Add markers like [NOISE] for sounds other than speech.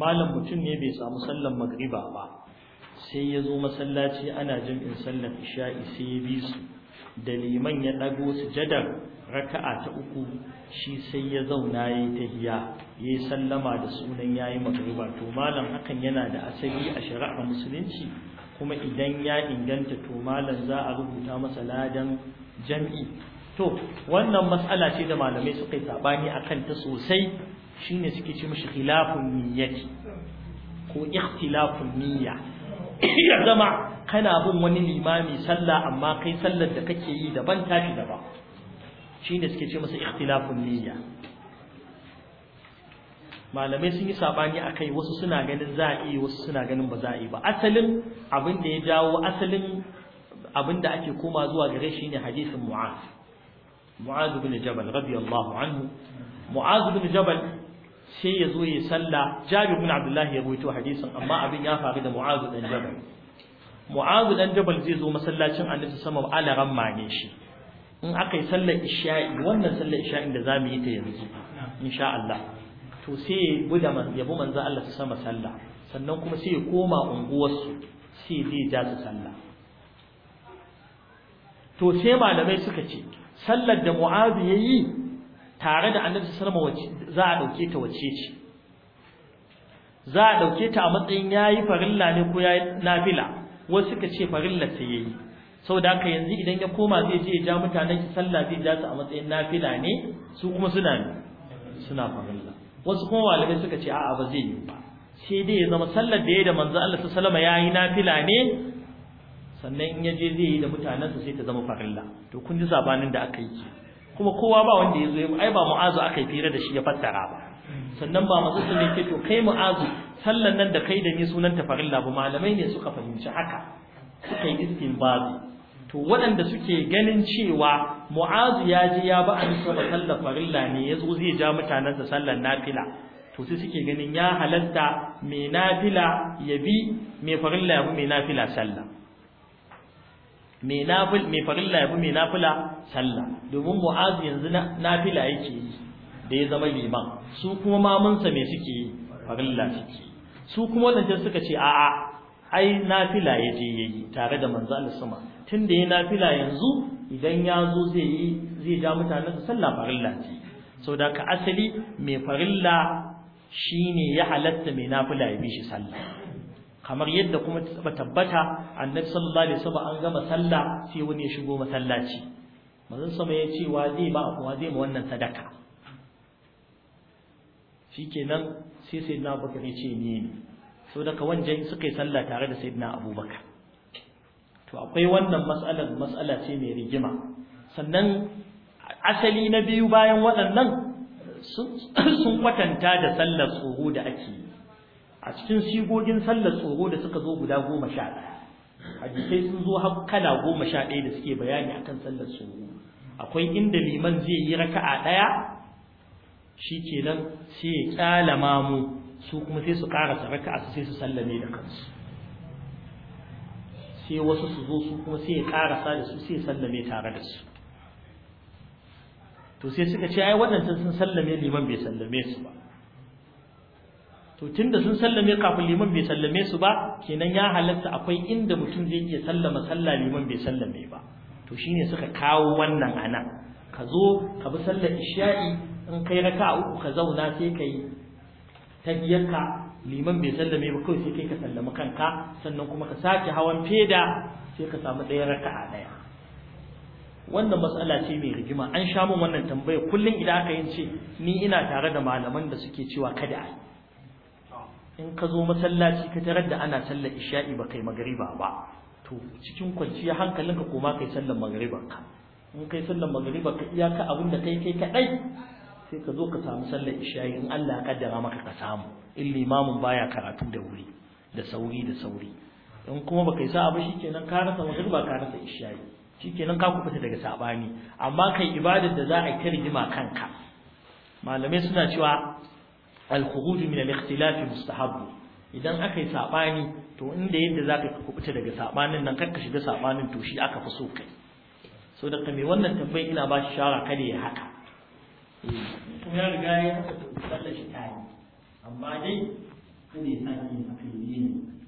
malam mutum ne bai samu sallan magriba ba sai ya zo masallaci ana jam'in sallan isha'i sai ya bi su da liman ya ɗago sujadar raka'a ta uku shi sai ya zauna ya yi tahiya ya yi sallama da sunan ya yi magriba to malam hakan yana da asali a shari'a musulunci kuma idan ya inganta to malam za a rubuta masa ladan jam'i to wannan matsala ce da malamai suka yi sabani akan ta sosai shine suke ce mishi khilafun niyyati ko ikhtilafun niyya ya zama kana bin wani limami sallah amma kai sallar da kake yi daban tashi daban shine suke ce masa ikhtilafun niyya malamai sun yi sabani akai wasu suna ganin za a yi wasu suna ganin ba za a yi ba asalin abin da ya jawo asalin abin da ake koma zuwa gare shi ne hadisin mu'az mu'az ibn jabal radiyallahu anhu mu'az ibn jabal sai ya zo ya salla, jabir abdullahi ya rawaito hadisin amma abin ya faru da mu'azu dan jabal mu'azu dan jabal zai zo masallacin annabi sama ala ramma ne shi in aka yi sallar isha'i wannan sallar isha'i da zamu yi ta yanzu insha Allah to sai ya bi da yabo manzo Allah su sama sallah sannan kuma sai ya koma unguwarsu sai zai ja su sallah to sai malamai suka ce sallar da mu'azu yayi tare da annabi sallallahu alaihi wasallam za a dauke ta wace ce za a dauke ta a matsayin yayi farilla ne ko yayi nafila wasu suka ce farilla ta yayi saboda haka yanzu idan ya koma zai je ya ja mutanen ki sallah zai ja su a matsayin nafila ne su kuma suna ne suna farilla wasu kuma walibai suka ce a'a ba zai yi ba sai dai ya zama sallar da yayi da manzo Allah sallallahu alaihi wasallam yayi nafila ne sannan in ya je zai yi da sa sai ta zama farilla to kun ji sabanin da aka yi kuma kowa ba wanda ya zo ai ba mu'azu aka yi fira da shi ya fattara ba sannan ba masu sun yake to kai mu'azu sallan nan da kai da ni sunan ta labu malamai ne suka fahimci haka suka yi istinbabi to waɗanda suke ganin cewa mu'azu ya ji ya ba an saba sallar farilla ne ya zo zai ja mutanen sa sallar nafila to sai suke ganin ya halatta mai nafila ya bi mai farilla ya bi mai nafila sallah mai nafil mai farilla yafi mai nafila sallah domin mu'az yanzu nafila yake yi da ya zama liman su kuma mamunsa me suke yi farilla suke su kuma wadanda suka ce a'a ai nafila ya je yayi tare da manzo Allah sama tunda yayi nafila yanzu idan ya zo zai yi zai ja mutanen su sallah farilla ce saboda ka asali mai farilla shine ya halatta mai nafila ya bi shi sallah kamar yadda kuma ta tabbata annabi sallallahu alaihi wasallam an gama sallah sai wani ya shigo masallaci manzon sama ya ce wa zai ba wa zai ma wannan sadaka shikenan sai sayyidina abubakar ya ce ni ne so daga wanjan suka yi sallah tare da sayyidina abubakar to akwai wannan matsalar matsala ce mai rigima sannan asali na biyu bayan waɗannan sun [COUGHS] kwatanta da sallar tsoho da ake yi a cikin sigogin sallar tsoro da suka zo guda goma sha ɗaya hadisai sun zo har kala goma sha ɗaya da suke bayani akan sallar tsoro akwai inda liman zai yi raka'a ɗaya shi ke nan sai ya kyala mamu su kuma sai su ƙarasa raka'a su sai su sallame da kansu sai wasu su zo su kuma sai ya ƙarasa da su sai ya sallame tare da su to sai suka ce ai wannan sun sallame liman bai sallame su ba to tunda sun sallame kafin liman bai sallame su ba kenan ya halatta akwai inda mutum zai iya sallama sallah liman bai sallame ba to shine suka kawo wannan anan ka zo ka bi sallar isha'i in kai raka uku ka zauna sai kai biyarka liman bai sallame ba kawai sai kai ka sallama kanka sannan kuma ka sake hawan feda sai ka samu ɗaya a ɗaya wannan matsala ce mai rigima an sha min wannan tambayar kullum idan aka yin ce ni ina tare da malaman da suke cewa kada a in ka zo masallaci ka tarar da ana sallar isha'i ba kai magariba ba to cikin kwanciya hankalinka koma kai sallar magariba ka in kai sallar magariba ka iyaka abin da kai kai kadai sai ka zo ka samu sallar isha'i in Allah ya kaddara maka ka samu in limamin baya karatu da wuri da sauri da sauri in kuma ba kai sa ba shikenan ka rasa magariba ka rasa isha'i shikenan ka kubuta daga sabani amma kai ibadar da za a yi ta rigima kanka malamai suna cewa al-khuruj min al-ikhtilaf mustahab idan aka yi sabani to inda yadda zaka kubuta daga sabanin nan kakka shiga sabanin to shi aka fi so kai so da kame wannan tambayi ina ba shi shara kada ya haka eh, ya riga ya haka shi ta yi amma dai kada ya sake yin haka ne